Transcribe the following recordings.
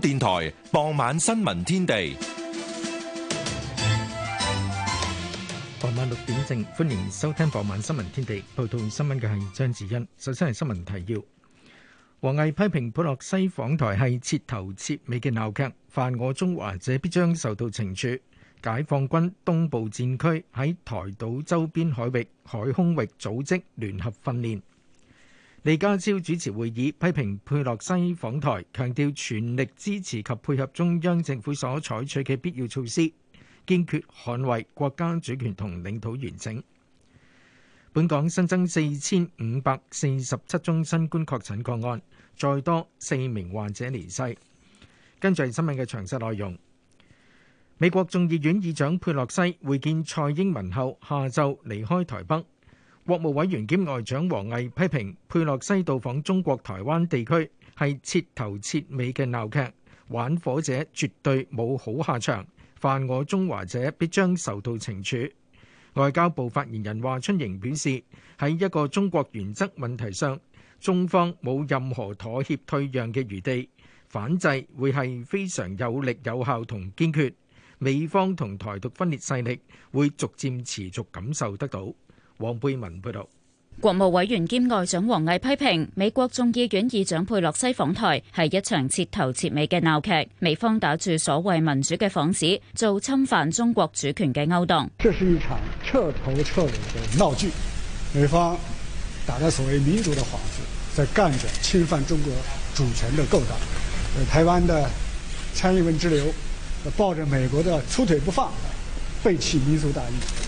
電台傍晚新聞天地，傍晚六點正，歡迎收聽傍晚新聞天地。報道新聞嘅係張智欣。首先係新聞提要：王毅批評普洛西訪台係徹頭徹尾嘅鬧劇，犯我中華者必將受到懲處。解放軍東部戰區喺台島周邊海域、海空域組織聯合訓練。李家超主持會議，批評佩洛西訪台，強調全力支持及配合中央政府所採取嘅必要措施，堅決捍衛國家主權同領土完整。本港新增四千五百四十七宗新冠確診個案，再多四名患者離世。跟住新聞嘅詳細內容，美國眾議院議長佩洛西會見蔡英文後下晝離開台北。國務委員兼外長王毅批評佩洛西到訪中國台灣地區係徹頭徹尾嘅鬧劇，玩火者絕對冇好下場，犯我中華者必將受到懲處。外交部發言人華春瑩表示：喺一個中國原則問題上，中方冇任何妥協退讓嘅餘地，反制會係非常有力、有效同堅決。美方同台獨分裂勢力會逐漸持續感受得到。黃佩文報道，國務委員兼外長王毅批評美國眾議院議長佩洛西訪台係一場徹頭徹尾嘅鬧劇，美方打住所謂民主嘅幌子，做侵犯中國主權嘅勾當。這是一場徹頭徹尾嘅鬧劇，美方打着所謂民主的幌子，在幹着侵犯中國主權的勾當。台灣的蔡英文之流，抱着美國的粗腿不放，背棄民族大義。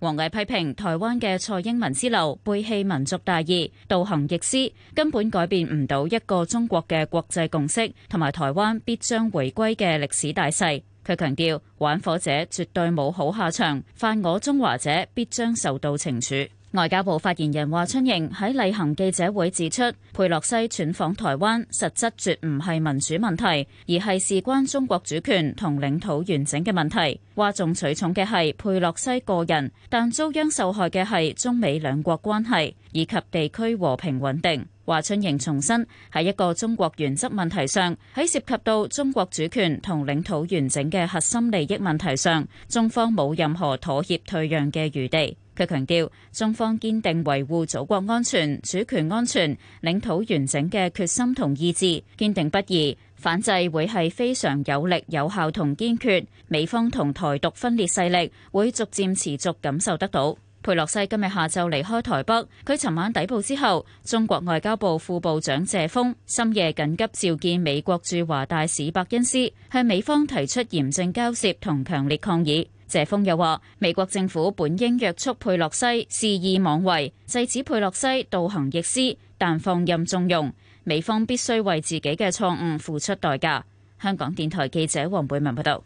王毅批評台灣嘅蔡英文之流背棄民族大義、倒行逆施，根本改變唔到一個中國嘅國際共識，同埋台灣必將回歸嘅歷史大勢。佢強調，玩火者絕對冇好下場，犯我中華者必將受到懲處。外交部發言人華春瑩喺例行記者會指出，佩洛西竄訪台灣，實質絕唔係民主問題，而係事關中國主權同領土完整嘅問題。嘩眾取寵嘅係佩洛西個人，但遭殃受害嘅係中美兩國關係以及地區和平穩定。華春瑩重申，喺一個中國原則問題上，喺涉及到中國主權同領土完整嘅核心利益問題上，中方冇任何妥協退讓嘅餘地。佢強調，中方堅定維護祖國安全、主權安全、領土完整嘅決心同意志堅定不移，反制會係非常有力、有效同堅決。美方同台獨分裂勢力會逐漸持續感受得到。佩洛西今日下晝離開台北，佢尋晚抵埗之後，中國外交部副部長謝鋒深夜緊急召見美國駐華大使伯恩斯，向美方提出嚴正交涉同強烈抗議。謝鋒又話：美國政府本應約束佩洛西，肆意妄為，制止佩洛西倒行逆施，但放任縱容，美方必須為自己嘅錯誤付出代價。香港電台記者黃貝文報道：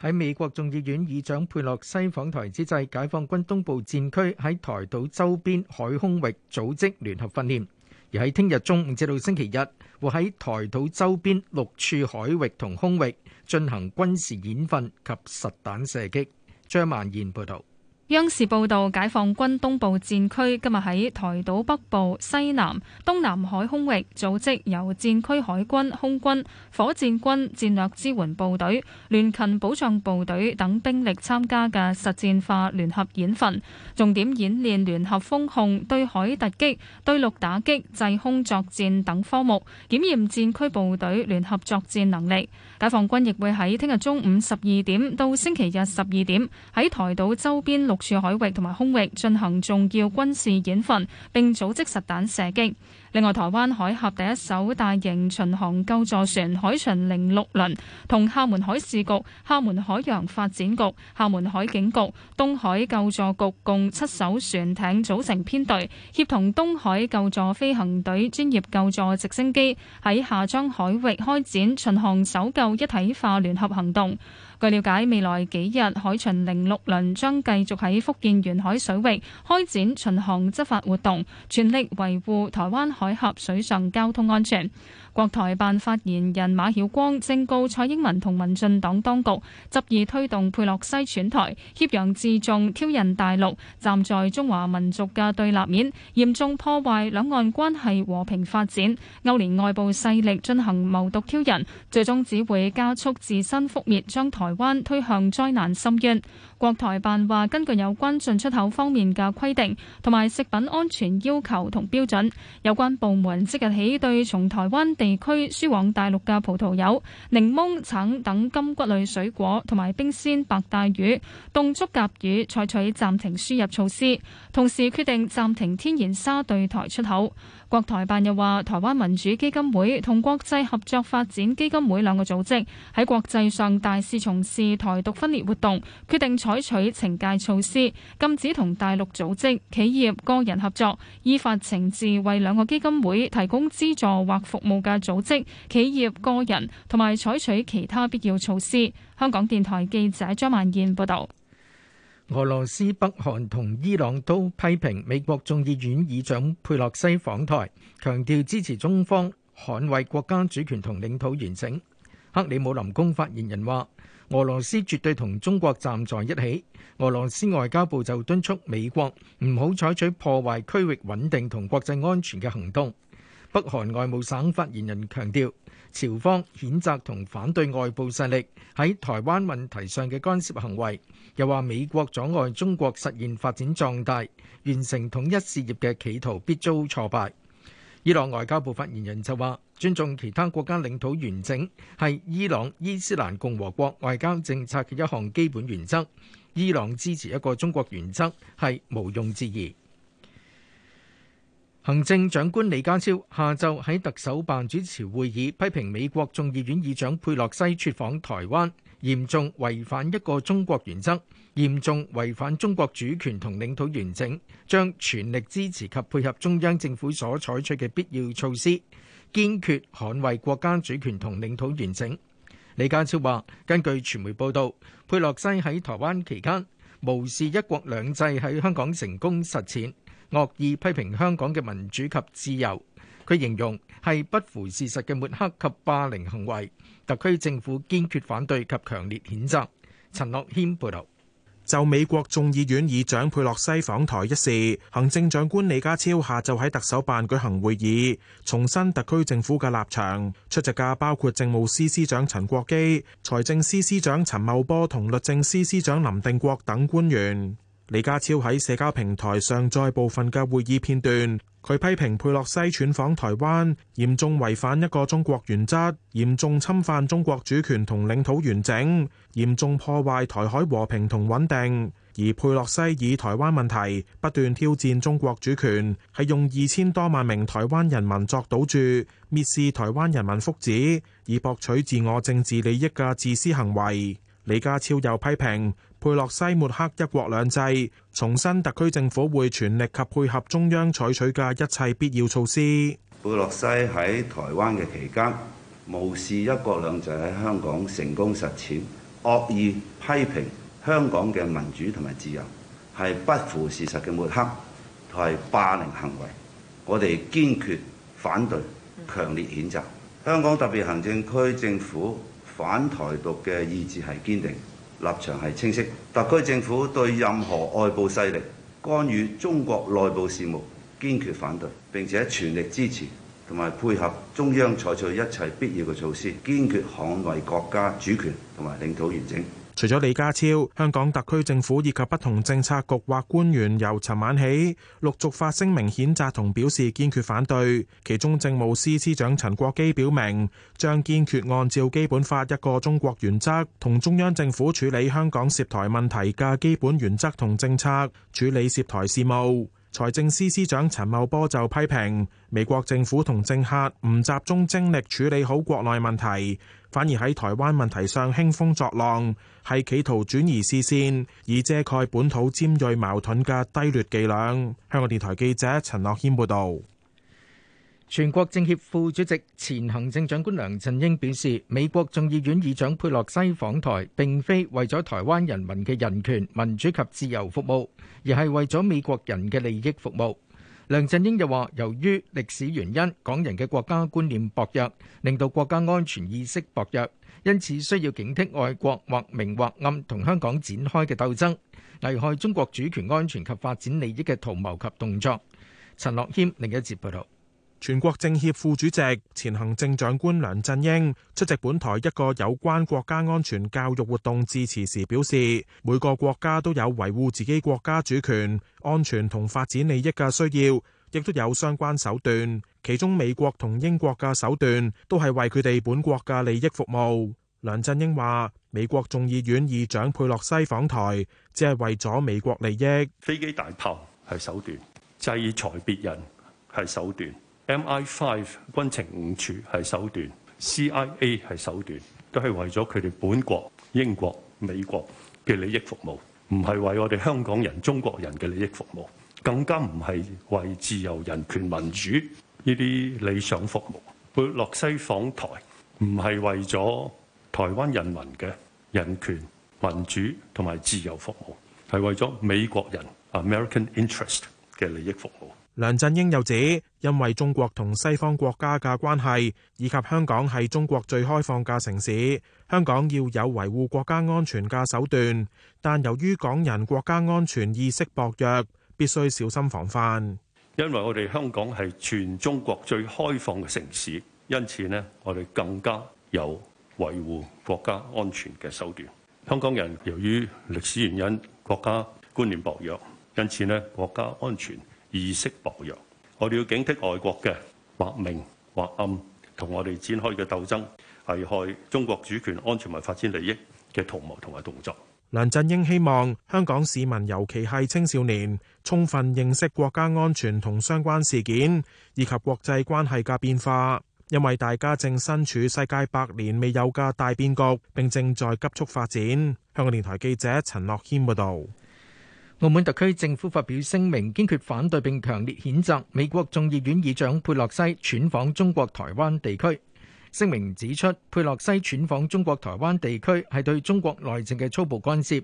喺美國眾議院議長佩洛西訪台之際，解放軍東部戰區喺台島周邊海空域組織聯合訓練，而喺聽日中午至到星期日，會喺台島周邊六處海域同空域，進行軍事演訓及實彈射擊。張萬燕報道。央視報道，解放軍東部戰區今日喺台島北部、西南、東南海空域組織由戰區海軍、空軍、火箭軍、戰略支援部隊、聯勤保障部隊等兵力參加嘅實戰化聯合演訓。重點演練聯合封控、對海突擊、對陸打擊、制空作戰等科目，檢驗戰區部隊聯合作戰能力。解放軍亦會喺聽日中午十二點到星期日十二點，喺台島周邊六處海域同埋空域進行重要軍事演訓，並組織實彈射擊。另外，台灣海峽第一艘大型巡航救助船「海巡零六」輪，同廈門海事局、廈門海洋發展局、廈門海警局、東海救助局共七艘船艇組成編隊，協同東海救助飛行隊專業救助直升機，喺廈漳海域開展巡航搜救一體化聯合行動。據瞭解，未來幾日，海巡零六輪將繼續喺福建沿海水域開展巡航執法活動，全力維護台灣海峽水上交通安全。國台辦發言人馬曉光正告蔡英文同民進黨當局，執意推動佩洛西竄台，挾洋自重、挑釁大陸，站在中華民族嘅對立面，嚴重破壞兩岸關係和平發展。勾連外部勢力進行謀獨挑釁，最終只會加速自身覆滅，將台灣推向災難深淵。國台辦話：根據有關進出口方面嘅規定，同埋食品安全要求同標準，有關部門即日起對從台灣地區輸往大陸嘅葡萄柚、檸檬、橙等柑橘類水果，同埋冰鮮白帶魚、凍竹筴魚，採取暫停輸入措施，同時決定暫停天然砂對台出口。國台辦又話，台灣民主基金會同國際合作發展基金會兩個組織喺國際上大肆從事台獨分裂活動，決定採取懲戒措施，禁止同大陸組織、企業、個人合作，依法懲治為兩個基金會提供資助或服務嘅組織、企業、個人，同埋採取其他必要措施。香港電台記者張萬燕報導。俄羅斯、北韓同伊朗都批評美國眾議院議長佩洛西訪台，強調支持中方捍衛國家主權同領土完整。克里姆林宮發言人話：俄羅斯絕對同中國站在一起。俄羅斯外交部就敦促美國唔好採取破壞區域穩定同國際安全嘅行動。北韓外務省發言人強調，朝方譴責同反對外部勢力喺台灣問題上嘅干涉行為，又話美國阻礙中國實現發展壯大、完成統一事業嘅企圖必遭挫敗。伊朗外交部發言人就話：尊重其他國家領土完整係伊朗伊斯蘭共和國外交政策嘅一項基本原則，伊朗支持一個中國原則係毋庸置疑。行政長官李家超下晝喺特首辦主持會議，批評美國眾議院議長佩洛西出訪台灣，嚴重違反一個中國原則，嚴重違反中國主權同領土完整，將全力支持及配合中央政府所採取嘅必要措施，堅決捍衛國家主權同領土完整。李家超話，根據傳媒報道，佩洛西喺台灣期間，無視一國兩制喺香港成功實踐。惡意批評香港嘅民主及自由，佢形容係不符事實嘅抹黑及霸凌行為，特區政府堅決反對及強烈譴責。陳諾謙報導。就美國眾議院議長佩洛西訪台一事，行政長官李家超下晝喺特首辦舉行會議，重申特區政府嘅立場。出席嘅包括政務司司長陳國基、財政司司長陳茂波同律政司司長林定國等官員。李家超喺社交平台上載部分嘅會議片段，佢批評佩洛西竄訪台灣嚴重違反一個中國原則，嚴重侵犯中國主權同領土完整，嚴重破壞台海和平同穩定。而佩洛西以台灣問題不斷挑戰中國主權，係用二千多萬名台灣人民作賭注，蔑視台灣人民福祉，以博取自我政治利益嘅自私行為。李家超又批評。佩洛西抹黑一國兩制，重申特區政府會全力及配合中央採取嘅一切必要措施。佩洛西喺台灣嘅期間，無視一國兩制喺香港成功實踐，惡意批評香港嘅民主同埋自由，係不符事實嘅抹黑，同係霸凌行為。我哋堅決反對，強烈譴責。香港特別行政區政府反台獨嘅意志係堅定。立場係清晰。特區政府對任何外部勢力干預中國內部事務，堅決反對，並且全力支持，同埋配合中央採取一切必要嘅措施，堅決捍衛國家主權，同埋領土完整。除咗李家超，香港特區政府以及不同政策局或官員由尋晚起陸續發聲明譴責同表示堅決反對。其中政務司司長陳國基表明，將堅決按照基本法一個中國原則同中央政府處理香港涉台問題嘅基本原則同政策處理涉台事務。財政司司長陳茂波就批評美國政府同政客唔集中精力處理好國內問題。反而喺台灣問題上興風作浪，係企圖轉移視線，以遮蓋本土尖銳矛盾嘅低劣伎倆。香港電台記者陳樂謙報道。全國政協副主席、前行政長官梁振英表示，美國眾議院議長佩洛西訪台並非為咗台灣人民嘅人權民主及自由服務，而係為咗美國人嘅利益服務。梁振英又話：由於歷史原因，港人嘅國家觀念薄弱，令到國家安全意識薄弱，因此需要警惕外國或明或暗同香港展開嘅鬥爭，危害中國主權安全及發展利益嘅圖謀及動作。陳樂謙另一節報道。全國政協副主席、前行政長官梁振英出席本台一個有關國家安全教育活動致辭時表示：每個國家都有維護自己國家主權、安全同發展利益嘅需要，亦都有相關手段。其中美國同英國嘅手段都係為佢哋本國嘅利益服務。梁振英話：美國眾議院議長佩洛西訪台，只係為咗美國利益，飛機大炮係手段，制裁別人係手段。MI5 軍情五處係手段，CIA 係手段，都係為咗佢哋本國英國、美國嘅利益服務，唔係為我哋香港人、中國人嘅利益服務，更加唔係為自由、人權、民主呢啲理想服務。佩洛西訪台，唔係為咗台灣人民嘅人權、民主同埋自由服務，係為咗美國人 American interest 嘅利益服務。梁振英又指，因為中國同西方國家嘅關係，以及香港係中國最開放嘅城市，香港要有維護國家安全嘅手段。但由於港人國家安全意識薄弱，必須小心防範，因為我哋香港係全中國最開放嘅城市，因此呢，我哋更加有維護國家安全嘅手段。香港人由於歷史原因，國家觀念薄弱，因此呢，國家安全。意識薄弱，我哋要警惕外國嘅或明或暗同我哋展開嘅鬥爭，危害中國主權、安全同發展利益嘅圖謀同埋動作。梁振英希望香港市民，尤其係青少年，充分認識國家安全同相關事件，以及國際關係嘅變化，因為大家正身處世界百年未有嘅大變局，並正在急速發展。香港電台記者陳樂軒報導。澳門特區政府發表聲明，堅決反對並強烈譴責美國眾議院議長佩洛西竄訪中國台灣地區。聲明指出，佩洛西竄訪中國台灣地區係對中國內政嘅粗暴干涉，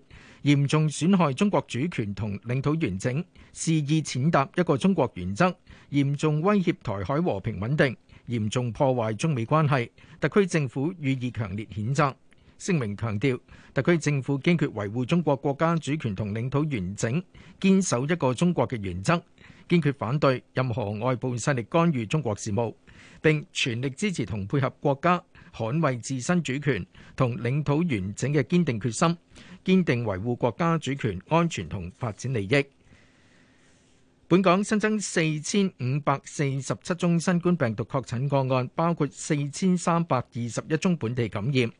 嚴重損害中國主權同領土完整，肆意踐踏一個中國原則，嚴重威脅台海和平穩定，嚴重破壞中美關係。特區政府予以強烈譴責。聲明強調，特區政府堅決維護中國國家主權同領土完整，堅守一個中國嘅原則，堅決反對任何外部勢力干預中國事務，並全力支持同配合國家捍衛自身主權同領土完整嘅堅定決心，堅定維護國家主權安全同發展利益。本港新增四千五百四十七宗新冠病毒確診個案，包括四千三百二十一宗本地感染。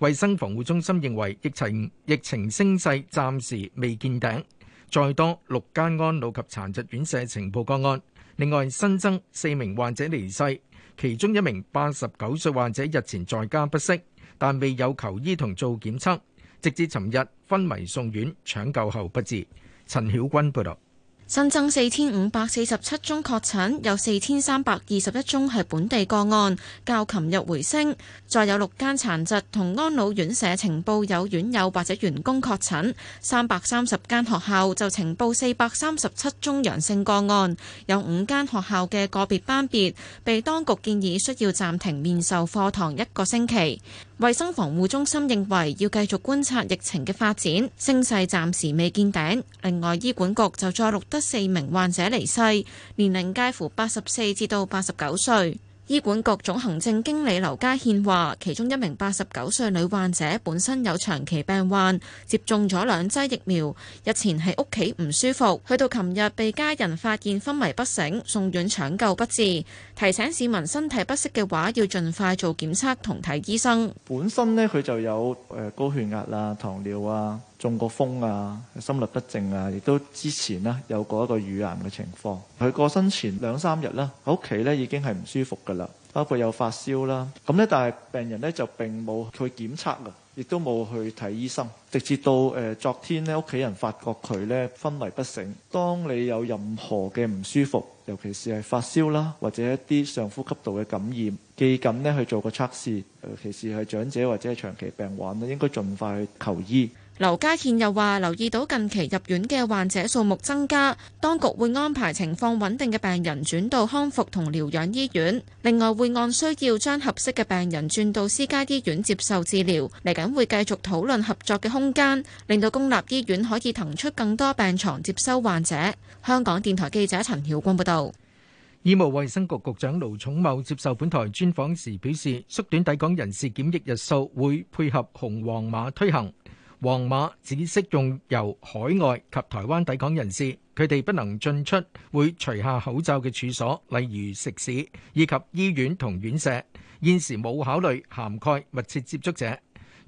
衛生防護中心認為疫情疫情升勢暫時未見頂，再多六間安老及殘疾院舍呈報個案，另外新增四名患者離世，其中一名八十九歲患者日前在家不適，但未有求醫同做檢測，直至尋日昏迷送院搶救後不治。陳曉君報道。新增四千五百四十七宗確診，有四千三百二十一宗係本地個案，較琴日回升。再有六間殘疾同安老院舍呈報有院友或者員工確診，三百三十間學校就呈報四百三十七宗陽性個案，有五間學校嘅個別班別被當局建議需要暫停面授課堂一個星期。衛生防護中心認為要繼續觀察疫情嘅發展，聲勢暫時未見頂。另外，醫管局就再錄得四名患者離世，年齡介乎八十四至到八十九歲。醫管局總行政經理劉家憲話，其中一名八十九歲女患者本身有長期病患，接種咗兩劑疫苗，日前喺屋企唔舒服，去到琴日被家人發現昏迷不醒，送院搶救不治。提醒市民身體不適嘅話，要盡快做檢測同睇醫生。本身呢，佢就有誒高血壓啦、啊、糖尿啊。中過風啊、心律不正啊，亦都之前呢有過一個乳癌嘅情況。佢過身前兩三日啦，喺屋企咧已經係唔舒服㗎啦，包括有發燒啦。咁咧，但係病人咧就並冇去檢測㗎、啊，亦都冇去睇醫生，直至到誒、呃、昨天咧，屋企人發覺佢咧昏迷不醒。當你有任何嘅唔舒服，尤其是係發燒啦，或者一啲上呼吸道嘅感染，記緊咧去做個測試。尤其是係長者或者係長期病患咧，應該盡快去求醫。劉家獻又話：留意到近期入院嘅患者數目增加，當局會安排情況穩定嘅病人轉到康復同療養醫院。另外，會按需要將合適嘅病人轉到私家醫院接受治療。嚟緊會繼續討論合作嘅空間，令到公立醫院可以騰出更多病牀接收患者。香港電台記者陳曉光報道。醫務衛生局局長盧寵茂接受本台專訪時表示：縮短抵港人士檢疫日數，會配合紅黃碼推行。黃碼只適用由海外及台灣抵港人士，佢哋不能進出會除下口罩嘅處所，例如食肆以及醫院同院舍。現時冇考慮涵蓋密切接觸者。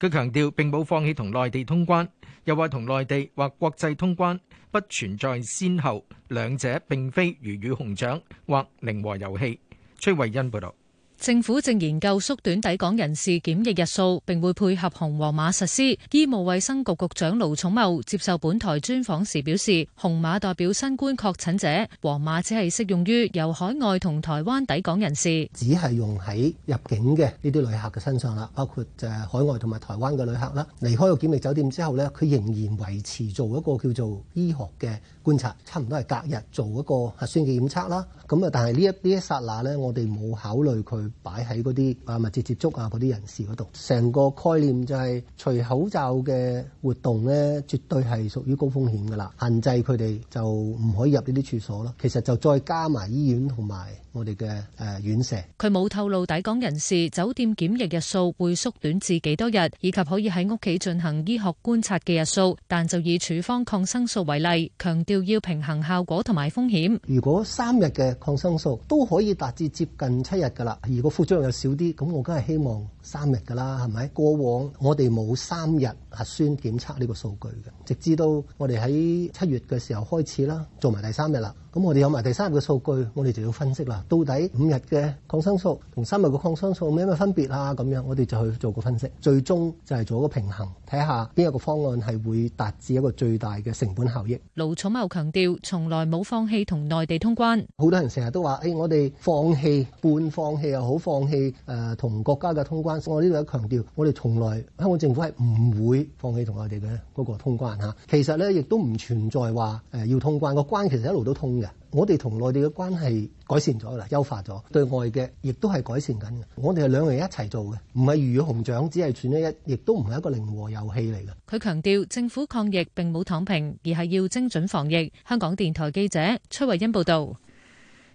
佢強調並冇放棄同內地通關，又話同內地或國際通關不存在先後，兩者並非魚與熊掌或零和遊戲。崔慧欣報道。政府正研究縮短抵港人士檢疫日數，並會配合紅黃碼實施。醫務衛生局局長盧寵茂接受本台專訪時表示，紅碼代表新冠確診者，黃碼只係適用於由海外同台灣抵港人士，只係用喺入境嘅呢啲旅客嘅身上啦，包括就係海外同埋台灣嘅旅客啦。離開個檢疫酒店之後咧，佢仍然維持做一個叫做醫學嘅觀察，差唔多係隔日做一個核酸檢測啦。咁啊，但係呢一呢一剎那咧，我哋冇考慮佢。擺喺嗰啲啊密切接觸啊嗰啲人士嗰度，成個概念就係、是、除口罩嘅活動咧，絕對係屬於高風險㗎啦。限制佢哋就唔可以入呢啲處所咯。其實就再加埋醫院同埋。我哋嘅誒院舍，佢冇透露抵港人士酒店檢疫日數會縮短至幾多日，以及可以喺屋企進行醫學觀察嘅日數，但就以處方抗生素為例，強調要平衡效果同埋風險。如果三日嘅抗生素都可以達至接近七日噶啦，如果副作用又少啲，咁我梗係希望三日噶啦，係咪？過往我哋冇三日核酸檢測呢個數據嘅，直至到我哋喺七月嘅時候開始啦，做埋第三日啦。咁我哋有埋第三日嘅數據，我哋就要分析啦。到底五日嘅抗生素同三日嘅抗生素有咩分別啦？咁樣我哋就去做個分析，最終就係做一個平衡，睇下邊一個方案係會達至一個最大嘅成本效益。盧寵茂強調，從來冇放棄同內地通關。好多人成日都話，誒、欸，我哋放棄、半放棄又好放棄，誒，同國家嘅通關。我呢度都強調，我哋從來香港政府係唔會放棄同我哋嘅嗰個通關嚇。其實咧，亦都唔存在話誒要通關個關，其實，其實一路都通。我哋同內地嘅關係改善咗啦，優化咗對外嘅，亦都係改善緊嘅。我哋係兩個人一齊做嘅，唔係魚與熊掌，只係選咗一，亦都唔係一個零和遊戲嚟嘅。佢強調，政府抗疫並冇躺平，而係要精準防疫。香港電台記者崔慧欣報道。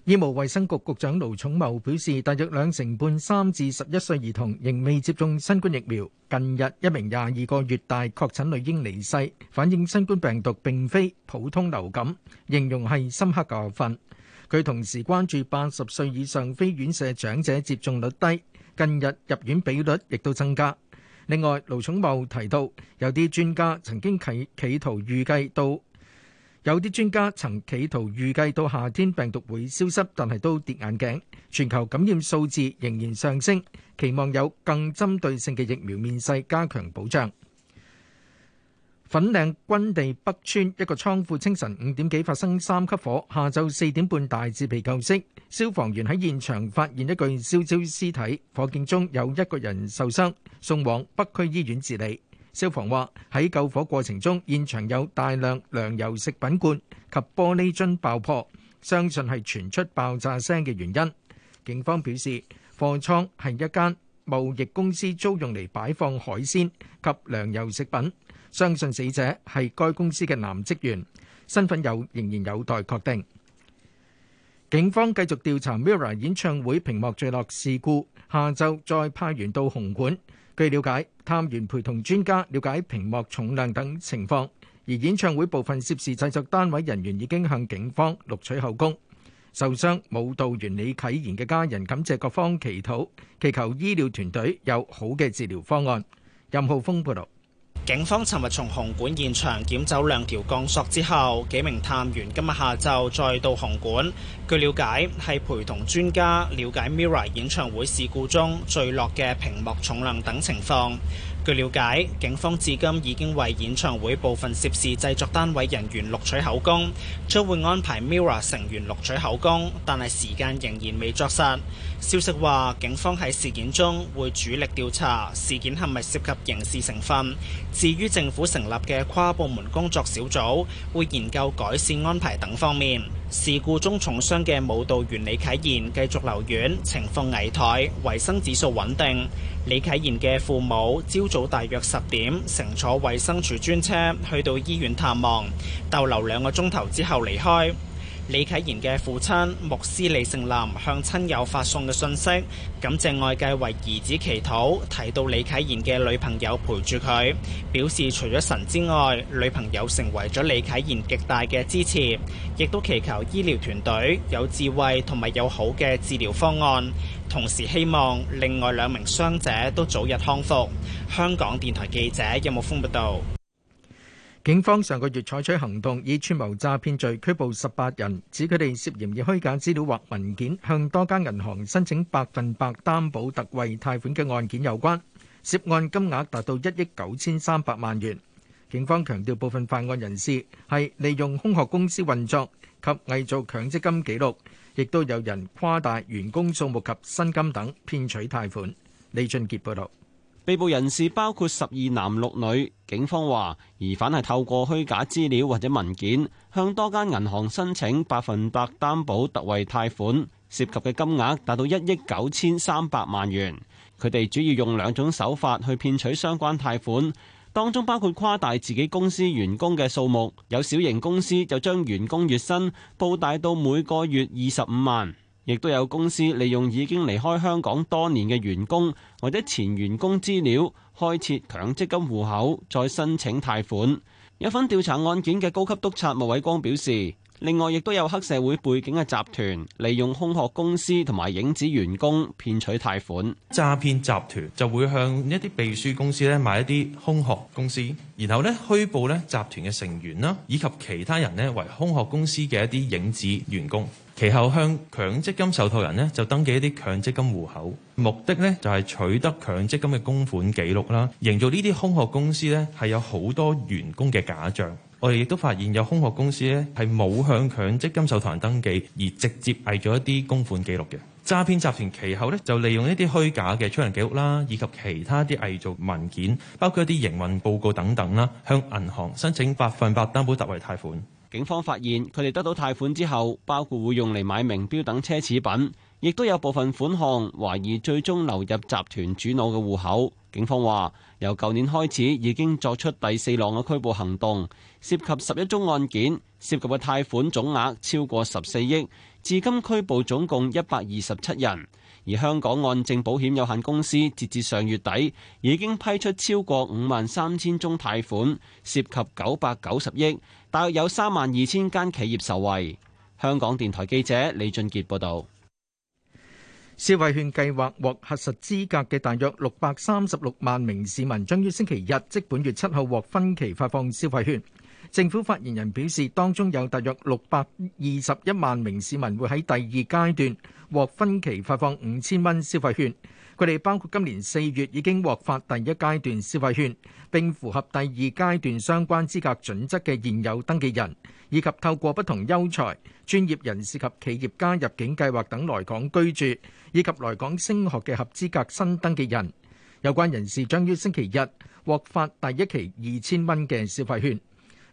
醫務衛生局局長盧寵茂表示，大約兩成半三至十一歲兒童仍未接種新冠疫苗。近日一名廿二個月大確診女嬰離世，反映新冠病毒並非普通流感，形容係深刻教訓。佢同時關注八十歲以上非院舍長者接種率低，近日入院比率亦都增加。另外，盧寵茂提到，有啲專家曾經企企圖預計到。有啲專家曾企圖預計到夏天病毒會消失，但係都跌眼鏡。全球感染數字仍然上升，期望有更針對性嘅疫苗面世，加強保障。粉嶺軍地北村一個倉庫清晨五點幾發生三級火，下晝四點半大致被救熄。消防員喺現場發現一具燒焦屍體，火警中有一個人受傷，送往北區醫院治理。消防話喺救火過程中，現場有大量糧油食品罐及玻璃樽爆破，相信係傳出爆炸聲嘅原因。警方表示，貨倉係一間貿易公司租用嚟擺放海鮮及糧油食品，相信死者係該公司嘅男職員，身份有仍然有待確定。警方繼續調查 MIRROR 演唱會屏幕墜落事故，下晝再派員到紅館。據了解，探員陪同專家了解屏幕重量等情況，而演唱會部分涉事製作單位人員已經向警方錄取口供。受傷舞蹈員李啟賢嘅家人感謝各方祈禱，祈求醫療團隊有好嘅治療方案。任浩峰報道。警方尋日從紅館現場檢走兩條鋼索之後，幾名探員今日下晝再到紅館。據了解，係陪同專家了解 MIRROR 演唱會事故中墜落嘅屏幕重量等情況。據了解，警方至今已經為演唱會部分涉事製作單位人員錄取口供，將會安排 Mirror 成員錄取口供，但係時間仍然未作實。消息話，警方喺事件中會主力調查事件係咪涉及刑事成分。至於政府成立嘅跨部門工作小組，會研究改善安排等方面。事故中重傷嘅舞蹈員李啟賢繼續留院，情況危殆，維生指數穩定。李啟賢嘅父母朝早大約十點乘坐衛生署專車去到醫院探望，逗留兩個鐘頭之後離開。李啟賢嘅父親牧師李成林向親友發送嘅信息，感謝外界為兒子祈禱，提到李啟賢嘅女朋友陪住佢，表示除咗神之外，女朋友成為咗李啟賢極大嘅支持，亦都祈求醫療團隊有智慧同埋有好嘅治療方案，同時希望另外兩名傷者都早日康復。香港電台記者任木峰報道。警方上個月採取行動，以串謀詐騙罪拘捕十八人，指佢哋涉嫌以虛假資料或文件向多間銀行申請百分百擔保特惠貸款嘅案件有關，涉案金額達到一億九千三百萬元。警方強調，部分犯案人士係利用空殼公司運作及偽造強積金記錄，亦都有人誇大員工數目及薪金等騙取貸款。李俊傑報道。被捕人士包括十二男六女，警方話疑犯係透過虛假資料或者文件向多間銀行申請百分百擔保特惠貸款，涉及嘅金額達到一億九千三百萬元。佢哋主要用兩種手法去騙取相關貸款，當中包括誇大自己公司員工嘅數目，有小型公司就將員工月薪報大到每個月二十五萬。亦都有公司利用已經離開香港多年嘅員工或者前員工資料開設強積金戶口，再申請貸款。有份調查案件嘅高級督察莫偉光表示，另外亦都有黑社會背景嘅集團利用空殼公司同埋影子員工騙取貸款。詐騙集團就會向一啲秘書公司咧買一啲空殼公司，然後咧虛報咧集團嘅成員啦，以及其他人咧為空殼公司嘅一啲影子員工。其後向強積金受託人咧就登記一啲強積金戶口，目的呢就係取得強積金嘅供款記錄啦。營造呢啲空殼公司呢係有好多員工嘅假象。我哋亦都發現有空殼公司呢係冇向強積金受託人登記，而直接偽造一啲供款記錄嘅詐騙集團。其後呢，就利用一啲虛假嘅出糧記錄啦，以及其他啲偽造文件，包括一啲營運報告等等啦，向銀行申請百分百擔保特惠貸款。警方發現佢哋得到貸款之後，包括會用嚟買名錶等奢侈品，亦都有部分款項懷疑最終流入集團主腦嘅戶口。警方話，由舊年開始已經作出第四浪嘅拘捕行動，涉及十一宗案件，涉及嘅貸款總額超過十四億，至今拘捕總共一百二十七人。而香港按證保險有限公司截至上月底已經批出超過五萬三千宗貸款，涉及九百九十億，大約有三萬二千間企業受惠。香港電台記者李俊傑報道。消費券計劃獲核實資格嘅大約六百三十六萬名市民，將於星期日即本月七號獲分期發放消費券。政府發言人表示，當中有大約六百二十一萬名市民會喺第二階段。獲分期發放五千蚊消費券。佢哋包括今年四月已經獲發第一階段消費券，並符合第二階段相關資格準則嘅現有登記人，以及透過不同優才、專業人士及企業家入境計劃等來港居住，以及來港升學嘅合資格新登記人。有關人士將於星期日獲發第一期二千蚊嘅消費券。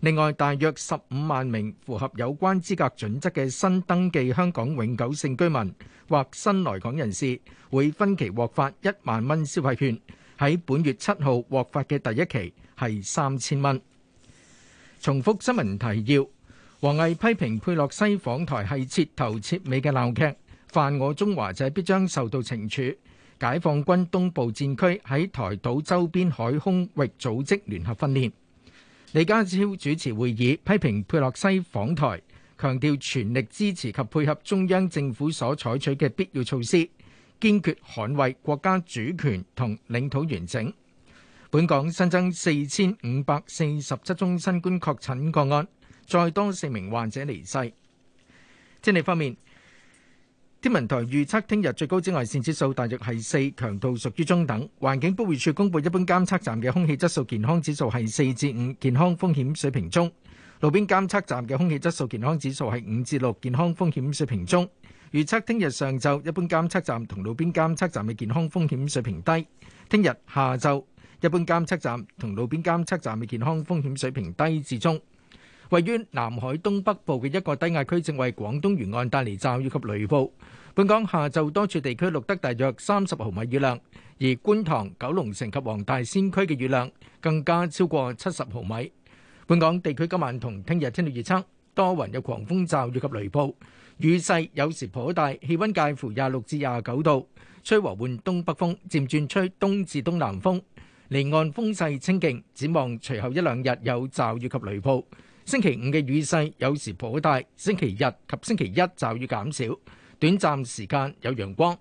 另外，大約十五萬名符合有關資格準則嘅新登記香港永久性居民或新來港人士，會分期獲發一萬蚊消費券。喺本月七號獲發嘅第一期係三千蚊。重複新聞提要：王毅批評佩洛西訪台係徹頭徹尾嘅鬧劇，犯我中華者必將受到懲處。解放軍東部戰區喺台島周邊海空域組織聯合訓練。李家超主持會議，批評佩洛西訪台，強調全力支持及配合中央政府所採取嘅必要措施，堅決捍衛國家主權同領土完整。本港新增四千五百四十七宗新冠確診個案，再多四名患者離世。天氣方面。天文台預測聽日最高紫外線指數大約係四，強度屬於中等。環境保護署公布一般監測站嘅空氣質素健康指數係四至五，健康風險水平中；路邊監測站嘅空氣質素健康指數係五至六，健康風險水平中。預測聽日上晝一般監測站同路邊監測站嘅健康風險水平低；聽日下晝一般監測站同路邊監測站嘅健康風險水平低至中。位於南海東北部嘅一個低壓區，正為廣東沿岸帶嚟驟雨及雷暴。本港下晝多處地區錄得大約三十毫米雨量，而觀塘、九龍城及黃大仙區嘅雨量更加超過七十毫米。本港地區今晚同聽日天氣預測，多雲有狂風、驟雨及雷暴，雨勢有時頗大，氣温介乎廿六至廿九度，吹和緩東北風，漸轉吹東至東南風。離岸風勢清勁，展望隨後一兩日有驟雨及雷暴。星期五嘅雨勢有時頗大，星期日及星期一驟雨減少，短暫時間有陽光。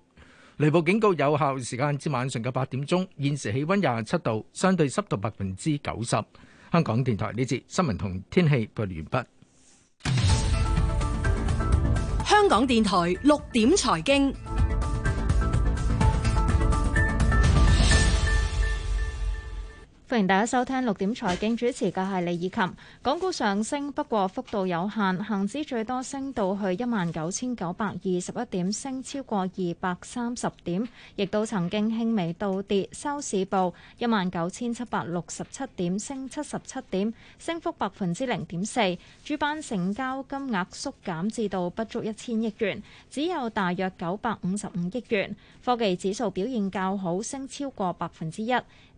雷暴警告有效時間至晚上嘅八點鐘。現時氣溫廿七度，相對濕度百分之九十。香港電台呢節新聞同天氣報告完畢。香港電台六點財經。歡迎大家收聽六點財經，主持嘅係李以琴。港股上升，不過幅度有限，恒指最多升到去一萬九千九百二十一點，升超過二百三十點，亦都曾經輕微倒跌，收市報一萬九千七百六十七點，升七十七點，升幅百分之零點四。主板成交金額縮減至到不足一千億元，只有大約九百五十五億元。科技指數表現較好，升超過百分之一。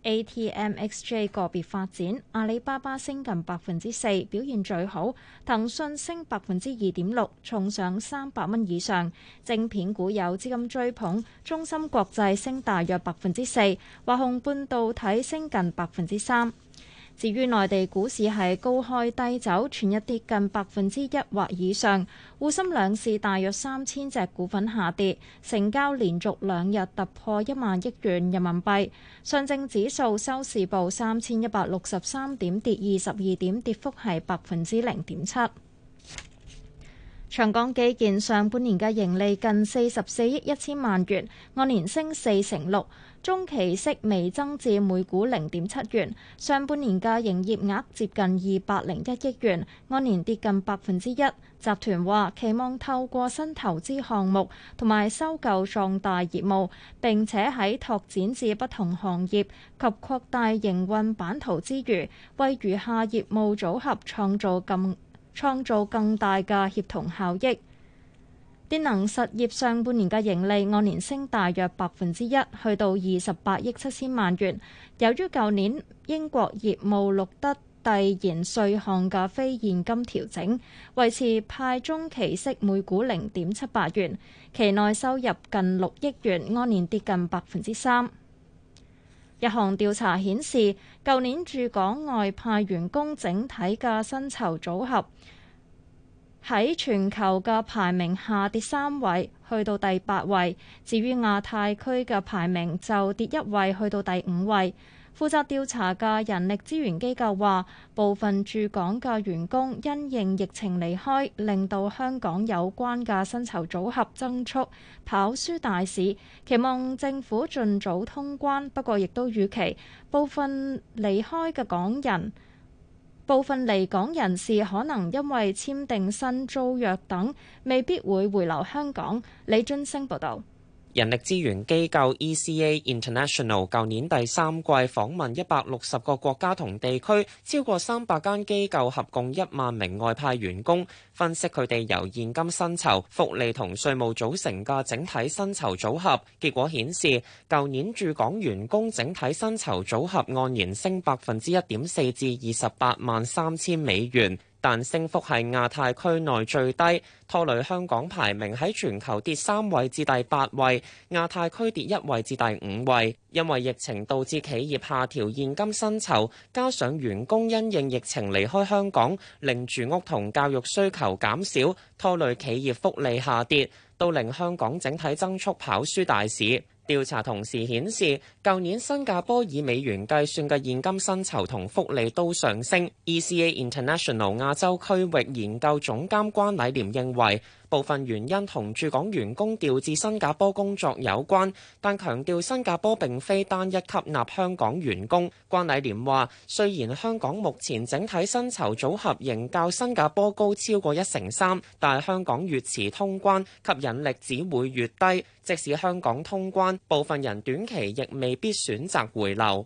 ATMXJ 個別發展，阿里巴巴升近百分之四，表現最好；騰訊升百分之二點六，重上三百蚊以上。正片股有資金追捧，中芯國際升大約百分之四，華虹半導體升近百分之三。至於內地股市係高開低走，全日跌近百分之一或以上，滬深兩市大約三千隻股份下跌，成交連續兩日突破一萬億元人民幣。上證指數收市報三千一百六十三點跌，跌二十二點，跌幅係百分之零點七。長江基建上半年嘅盈利近四十四億一千萬元，按年升四成六。中期息微增至每股零點七元，上半年嘅營業額接近二百零一億元，按年跌近百分之一。集團話期望透過新投資項目同埋收購壯大業務，並且喺拓展至不同行業及擴大營運版圖之餘，為餘下業務組合創造更創造更大嘅協同效益。電能實業上半年嘅盈利按年升大約百分之一，去到二十八億七千萬元。由於舊年英國業務錄得遞延稅項嘅非現金調整，維持派中期息每股零點七八元，期內收入近六億元，按年跌近百分之三。一項調查顯示，舊年駐港外派員工整體嘅薪酬組合。喺全球嘅排名下跌三位，去到第八位。至於亞太區嘅排名就跌一位，去到第五位。負責調查嘅人力資源機構話，部分駐港嘅員工因應疫情離開，令到香港有關嘅薪酬組合增速跑輸大市。期望政府盡早通關，不過亦都預期部分離開嘅港人。部分離港人士可能因為簽訂新租約等，未必會回流香港。李津星報道。人力資源機構 ECA International 舊年第三季訪問一百六十個國家同地區，超過三百間機構合共一萬名外派員工，分析佢哋由現金薪酬、福利同稅務組成嘅整體薪酬組合。結果顯示，舊年駐港員工整體薪酬組合按年升百分之一點四，至二十八萬三千美元。但升幅係亞太區內最低，拖累香港排名喺全球跌三位至第八位，亞太區跌一位至第五位。因為疫情導致企業下調現金薪酬，加上員工因應疫情離開香港，令住屋同教育需求減少，拖累企業福利下跌，都令香港整體增速跑輸大市。調查同時顯示，舊年新加坡以美元計算嘅現金薪酬同福利都上升。ECA International 亞洲區域研究總監關禮廉認為，部分原因同駐港員工調至新加坡工作有關，但強調新加坡並非單一吸納香港員工。關禮廉話：雖然香港目前整體薪酬組合仍較新加坡高超過一成三，但香港越遲通關，吸引力只會越低。即使香港通關，部分人短期亦未必選擇回流。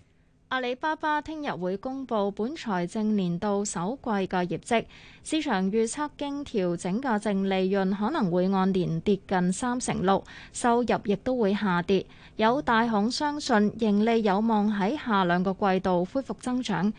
阿里巴巴聽日會公布本財政年度首季嘅業績，市場預測經調整嘅淨利潤可能會按年跌近三成六，收入亦都會下跌。有大行相信盈利有望喺下兩個季度恢復增長。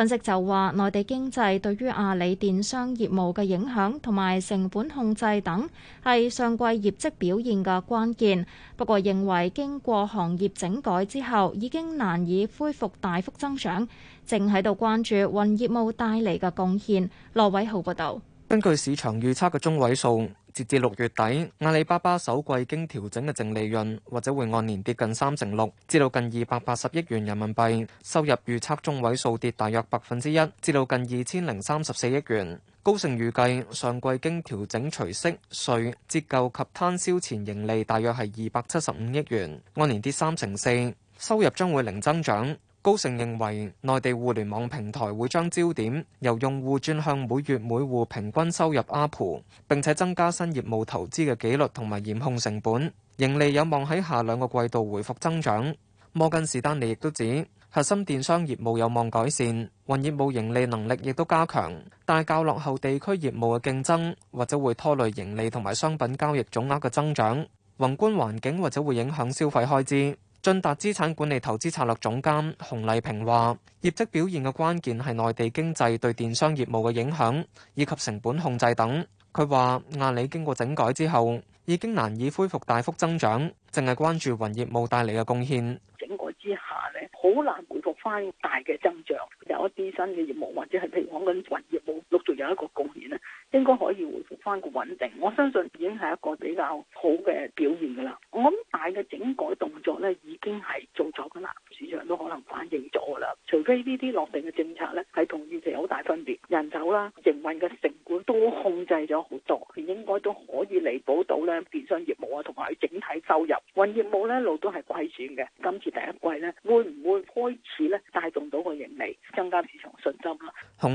分析就話，內地經濟對於阿里電商業務嘅影響同埋成本控制等係上季業績表現嘅關鍵。不過認為經過行業整改之後，已經難以恢復大幅增長，正喺度關注雲業務帶嚟嘅貢獻。羅偉浩報道。根據市場預測嘅中位數。截至六月底，阿里巴巴首季經調整嘅淨利潤或者會按年跌近三成六，至到近二百八十億元人民幣。收入預測中位數跌大約百分之一，至到近二千零三十四億元。高盛預計上季經調整除息稅折舊及攤銷前盈利大約係二百七十五億元，按年跌三成四，收入將會零增長。高盛認為內地互聯網平台會將焦點由用戶轉向每月每戶平均收入阿蒲，並且增加新業務投資嘅紀律同埋嚴控成本，盈利有望喺下兩個季度回復增長，摩根士丹利亦都指，核心電商業務有望改善，雲業務盈利能力亦都加強，但較落後地區業務嘅競爭或者會拖累盈利同埋商品交易總額嘅增長，宏觀環境或者會影響消費開支。駿達資產管理投資策略總監洪麗萍話：業績表現嘅關鍵係內地經濟對電商業務嘅影響，以及成本控制等。佢話阿里經過整改之後，已經難以恢復大幅增長，淨係關注雲業務帶嚟嘅貢獻。整改之下咧，好難回復翻大嘅增長，有一啲新嘅業務或者係譬如講緊雲業務陸續有一個貢獻咧。應該可以回復翻個穩定，我相信已經係一個比較好嘅表現㗎啦。我諗大嘅整改動作咧已經係做咗㗎啦，市場都可能反應咗㗎啦。除非呢啲落定嘅政策。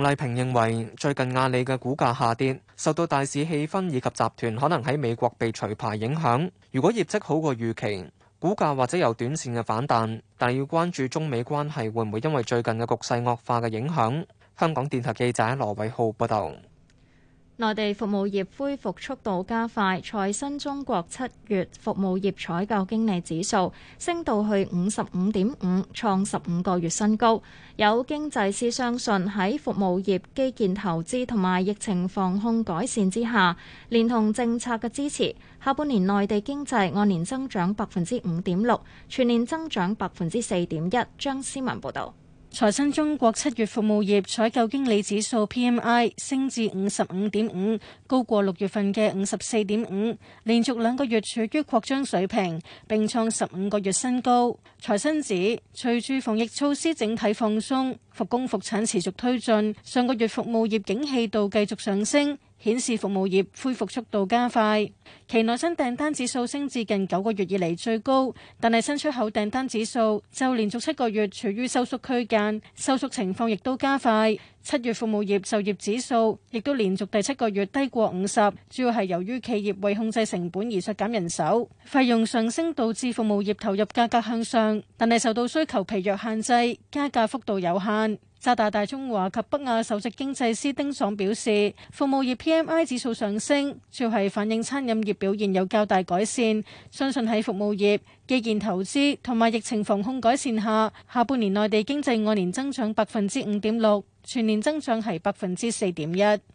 麗萍認為，最近阿里嘅股價下跌，受到大市氣氛以及集團可能喺美國被除牌影響。如果業績好過預期，股價或者有短線嘅反彈，但要關注中美關係會唔會因為最近嘅局勢惡化嘅影響。香港電台記者羅偉浩報道。內地服務業恢復速度加快，財新中國七月服務業採購經理指數升到去五十五點五，創十五個月新高。有經濟師相信喺服務業基建投資同埋疫情防控改善之下，連同政策嘅支持，下半年內地經濟按年增長百分之五點六，全年增長百分之四點一。張思文報導。財新中國七月服務業採購經理指數 PMI 升至五十五點五，高過六月份嘅五十四點五，連續兩個月處於擴張水平，並創十五個月新高。財新指，隨住防疫措施整體放鬆、復工復產持續推進，上個月服務業景氣度繼續上升。顯示服務業恢復速度加快，其內新訂單指數升至近九個月以嚟最高，但係新出口訂單指數就連續七個月處於收縮區間，收縮情況亦都加快。七月服務業就業指數亦都連續第七個月低過五十，主要係由於企業為控制成本而削減人手，費用上升導致服務業投入價格向上，但係受到需求疲弱限制，加價幅度有限。渣打大、大中華及北亞首席經濟師丁爽表示，服務業 PMI 指數上升，主要係反映餐飲業表現有較大改善。相信喺服務業、基建投資同埋疫情防控改善下，下半年內地經濟按年增長百分之五點六，全年增長係百分之四點一。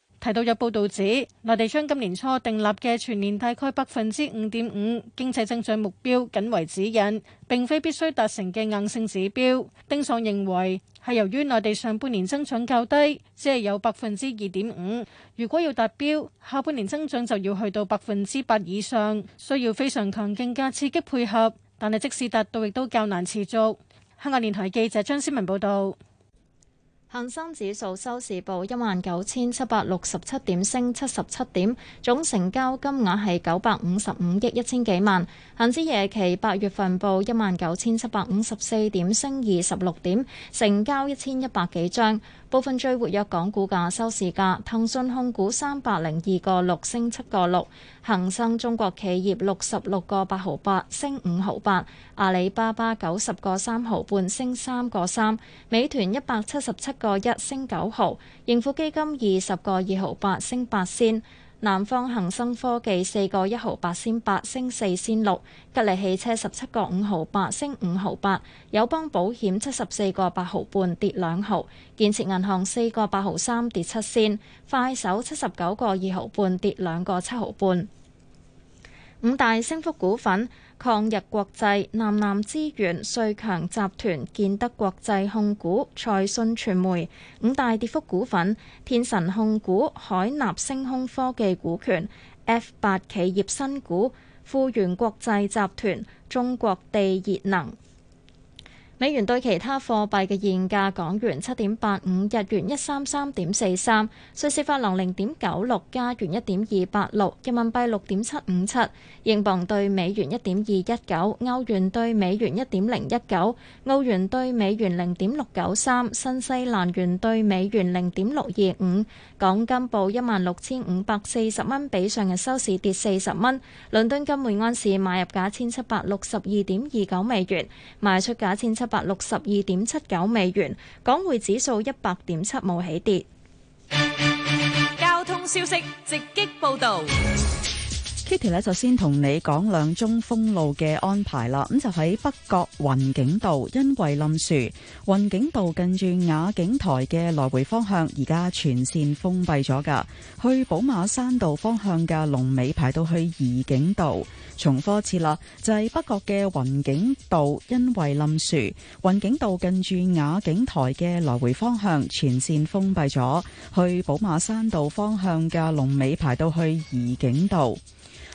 提到有報道指，內地將今年初訂立嘅全年大概百分之五點五經濟增長目標僅為指引，並非必須達成嘅硬性指標。丁爽認為係由於內地上半年增長較低，只係有百分之二點五，如果要達標，下半年增長就要去到百分之八以上，需要非常強勁嘅刺激配合。但係即使達到，亦都較難持續。香港電台記者張思文報道。恒生指數收市報一萬九千七百六十七點，升七十七點，總成交金額係九百五十五億一千幾萬。恒指夜期八月份報一萬九千七百五十四點，升二十六點，成交一千一百幾張。部分最活躍港股價收市價，騰訊控股三百零二個六升七個六，恒生中國企業六十六個八毫八升五毫八，阿里巴巴九十個三毫半升三個三，美團一百七十七個一升九毫，盈富基金二十個二毫八升八仙。南方恒生科技四個一毫八仙八升四仙六，吉利汽車十七個五毫八升五毫八，友邦保險七十四個八毫半跌兩毫，建設銀行四個八毫三跌七仙，快手七十九個二毫半跌兩個七毫半，五大升幅股份。抗日國際、南南資源、瑞強集團、建德國際控股、賽信傳媒五大跌幅股份，天神控股、海納星空科技股權、F 八企業新股、富源國際集團、中國地熱能。美元對其他貨幣嘅現價：港元七點八五，日元一三三點四三，瑞士法郎零點九六，加元一點二八六，人民幣六點七五七，英鎊對美元一點二一九，歐元對美元一點零一九，澳元對美元零點六九三，新西蘭元對美元零點六二五。港金報一萬六千五百四十蚊，比上日收市跌四十蚊。倫敦金每盎司買入價千七百六十二點二九美元，賣出價千七百六十二點七九美元，million, 港匯指數一百點七冇起跌。交通消息直擊報道。Yes. Kitty 咧，就先同你講兩宗封路嘅安排啦。咁就喺北角雲景道，因為冧樹，雲景道近住雅景台嘅來回方向，而家全線封閉咗。噶去寶馬山道方向嘅龍尾排到去怡景道，重複一次啦，就係、是、北角嘅雲景道，因為冧樹，雲景道近住雅景台嘅來回方向全線封閉咗，去寶馬山道方向嘅龍尾排到去怡景道。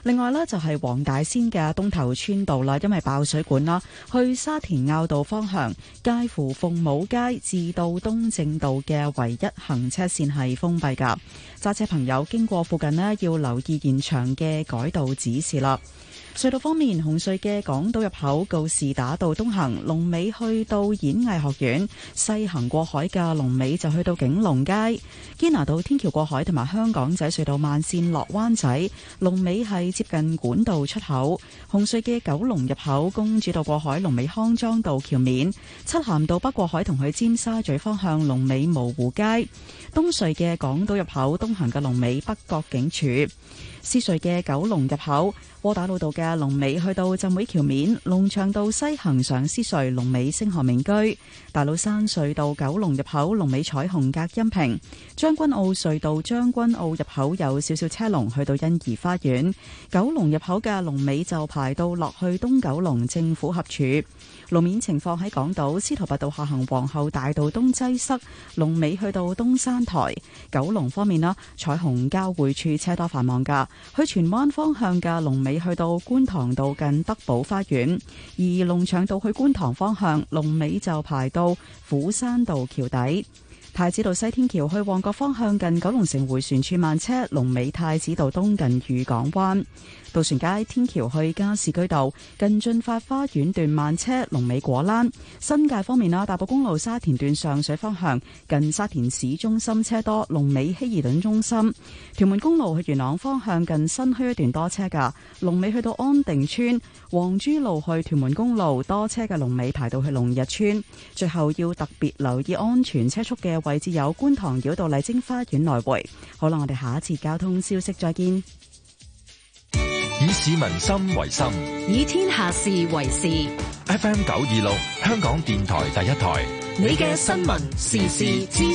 另外呢就係黃大仙嘅東頭村道啦，因為爆水管啦，去沙田坳道方向介乎鳳舞街至到東正道嘅唯一行車綫係封閉噶，揸車朋友經過附近呢，要留意現場嘅改道指示啦。隧道方面，紅隧嘅港島入口告士打道東行，龍尾去到演藝學院；西行過海嘅龍尾就去到景隆街堅拿道天橋過海，同埋香港仔隧道慢綫落灣仔龍尾係接近管道出口。紅隧嘅九龍入口公主道過海龍尾康莊道橋面，漆咸道北過海同去尖沙咀方向龍尾蕪湖街。東隧嘅港島入口東行嘅龍尾北角警署，獅隧嘅九龍入口。窩打老道嘅龍尾去到浸會橋面，龍翔道西行上獅隧龍尾星河名居，大老山隧道九龍入口龍尾彩虹隔音屏，將軍澳隧道將軍澳入口有少少車龍去到欣宜花園，九龍入口嘅龍尾就排到落去東九龍政府合署，路面情況喺港島司徒拔道下行皇后大道東擠塞，龍尾去到東山台，九龍方面啦彩虹交匯處車多繁忙噶，去荃灣方向嘅龍尾。去到觀塘道近德寶花園，而龍翔道去觀塘方向龍尾就排到斧山道橋底。太子道西天橋去旺角方向，近九龍城回旋處慢車；龍尾太子道東近御港灣；渡船街天橋去加士居道，近駿發花園段慢車；龍尾果欄。新界方面，啊大埔公路沙田段上水方向近沙田市中心車多；龍尾希爾頓中心。屯門公路去元朗方向，近新墟一段多車噶，龍尾去到安定村；黃珠路去屯門公路多車嘅，龍尾排到去龍日村。最後要特別留意安全車速嘅。位置有觀塘繞道麗晶花園來回，好啦，我哋下一次交通消息再見。以市民心為心，以天下事為事。FM 九二六，香港電台第一台，你嘅新聞時事知。